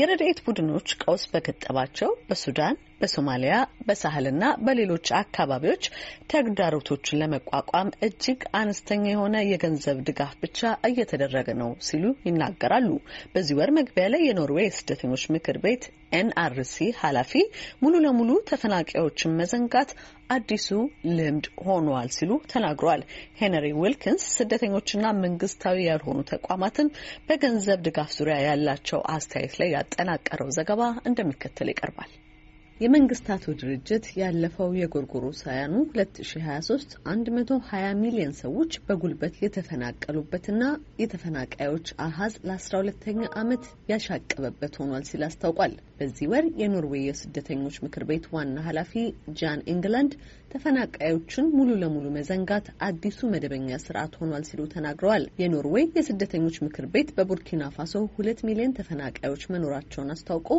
የረድኤት ቡድኖች ቀውስ በገጠባቸው በሱዳን በሶማሊያ በሳህልና በሌሎች አካባቢዎች ተግዳሮቶችን ለመቋቋም እጅግ አነስተኛ የሆነ የገንዘብ ድጋፍ ብቻ እየተደረገ ነው ሲሉ ይናገራሉ። በዚህ ወር መግቢያ ላይ የኖርዌይ የስደተኞች ምክር ቤት ኤንአርሲ ኃላፊ ሙሉ ለሙሉ ተፈናቃዮችን መዘንጋት አዲሱ ልምድ ሆኗል ሲሉ ተናግረዋል። ሄነሪ ዊልኪንስ ስደተኞችና መንግስታዊ ያልሆኑ ተቋማትን በገንዘብ ድጋፍ ዙሪያ ያላቸው አስተያየት ላይ ያጠናቀረው ዘገባ እንደሚከተል ይቀርባል። የመንግስታቱ ድርጅት ያለፈው ሳያኑ 2023 120 ሚሊዮን ሰዎች በጉልበት የተፈናቀሉበትና የተፈናቃዮች አሀዝ ለ12ኛ ዓመት ያሻቀበበት ሆኗል ሲል አስታውቋል። በዚህ ወር የኖርዌይ የስደተኞች ምክር ቤት ዋና ኃላፊ ጃን ኢንግላንድ ተፈናቃዮችን ሙሉ ለሙሉ መዘንጋት አዲሱ መደበኛ ስርዓት ሆኗል ሲሉ ተናግረዋል። የኖርዌይ የስደተኞች ምክር ቤት በቡርኪና ፋሶ ሁለት ሚሊዮን ተፈናቃዮች መኖራቸውን አስታውቆ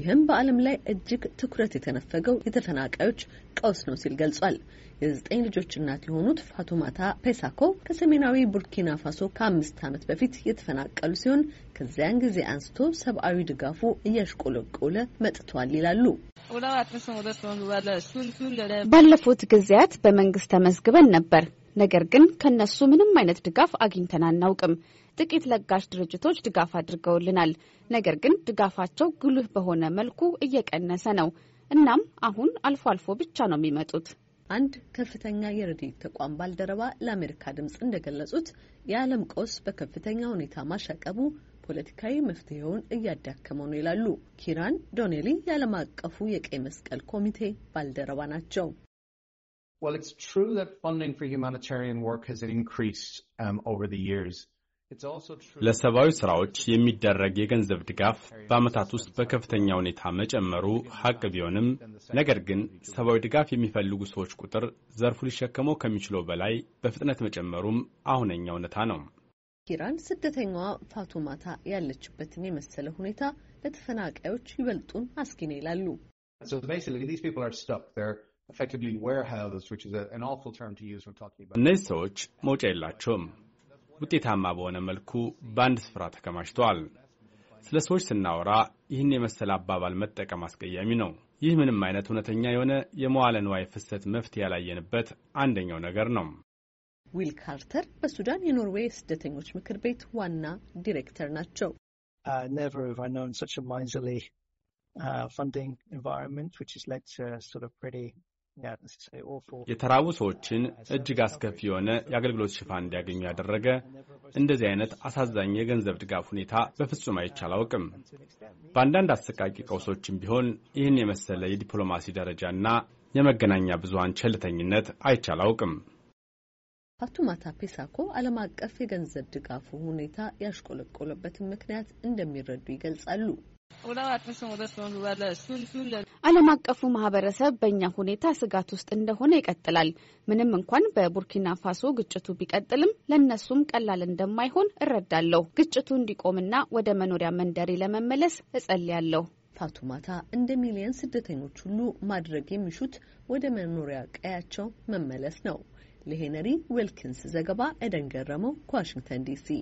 ይህም በዓለም ላይ እጅግ ትኩረ ትኩረት የተነፈገው የተፈናቃዮች ቀውስ ነው ሲል ገልጿል። የዘጠኝ ልጆች እናት የሆኑት ፋቱማታ ፔሳኮ ከሰሜናዊ ቡርኪና ፋሶ ከአምስት ዓመት በፊት የተፈናቀሉ ሲሆን ከዚያን ጊዜ አንስቶ ሰብአዊ ድጋፉ እያሽቆለቆለ መጥቷል ይላሉ። ባለፉት ጊዜያት በመንግስት ተመዝግበን ነበር። ነገር ግን ከነሱ ምንም አይነት ድጋፍ አግኝተን አናውቅም። ጥቂት ለጋሽ ድርጅቶች ድጋፍ አድርገውልናል። ነገር ግን ድጋፋቸው ጉልህ በሆነ መልኩ እየቀነሰ ነው። እናም አሁን አልፎ አልፎ ብቻ ነው የሚመጡት። አንድ ከፍተኛ የረድኤት ተቋም ባልደረባ ለአሜሪካ ድምፅ እንደገለጹት የዓለም ቀውስ በከፍተኛ ሁኔታ ማሻቀቡ ፖለቲካዊ መፍትሄውን እያዳከመው ነው ይላሉ። ኪራን ዶኔሊ የዓለም አቀፉ የቀይ መስቀል ኮሚቴ ባልደረባ ናቸው። Well, it's true that funding for humanitarian work has increased um, over the years. ለሰብአዊ ሥራዎች የሚደረግ የገንዘብ ድጋፍ በዓመታት ውስጥ በከፍተኛ ሁኔታ መጨመሩ ሀቅ ቢሆንም ነገር ግን ሰብአዊ ድጋፍ የሚፈልጉ ሰዎች ቁጥር ዘርፉ ሊሸከመው ከሚችለው በላይ በፍጥነት መጨመሩም አሁነኛ እውነታ ነው። ኪራን ስደተኛዋ ፋቱማታ ያለችበትን የመሰለ ሁኔታ ለተፈናቃዮች ይበልጡን አስጊ ነው ይላሉ። እነዚህ ሰዎች መውጫ የላቸውም። ውጤታማ በሆነ መልኩ በአንድ ስፍራ ተከማችተዋል። ስለ ሰዎች ስናወራ ይህን የመሰለ አባባል መጠቀም አስቀያሚ ነው። ይህ ምንም አይነት እውነተኛ የሆነ የመዋለ ንዋይ ፍሰት መፍትሄ ያላየንበት አንደኛው ነገር ነው። ዊል ካርተር በሱዳን የኖርዌይ ስደተኞች ምክር ቤት ዋና ዲሬክተር ናቸው። uh, የተራቡ ሰዎችን እጅግ አስከፊ የሆነ የአገልግሎት ሽፋን እንዲያገኙ ያደረገ እንደዚህ አይነት አሳዛኝ የገንዘብ ድጋፍ ሁኔታ በፍጹም አይቼ አላውቅም። በአንዳንድ አሰቃቂ ቀውሶችም ቢሆን ይህን የመሰለ የዲፕሎማሲ ደረጃና የመገናኛ ብዙሃን ቸልተኝነት አይቼ አላውቅም። አቱማታ ፔሳኮ ዓለም አቀፍ የገንዘብ ድጋፉ ሁኔታ ያሽቆለቆለበትን ምክንያት እንደሚረዱ ይገልጻሉ። ዓለም አቀፉ ማህበረሰብ በእኛ ሁኔታ ስጋት ውስጥ እንደሆነ ይቀጥላል። ምንም እንኳን በቡርኪና ፋሶ ግጭቱ ቢቀጥልም ለእነሱም ቀላል እንደማይሆን እረዳለሁ። ግጭቱ እንዲቆምና ወደ መኖሪያ መንደሬ ለመመለስ እጸልያለሁ። ፋቱማታ እንደ ሚሊየን ስደተኞች ሁሉ ማድረግ የሚሹት ወደ መኖሪያ ቀያቸው መመለስ ነው። ለሄነሪ ዌልኪንስ ዘገባ ኤደን ገረመው ከዋሽንግተን ዲሲ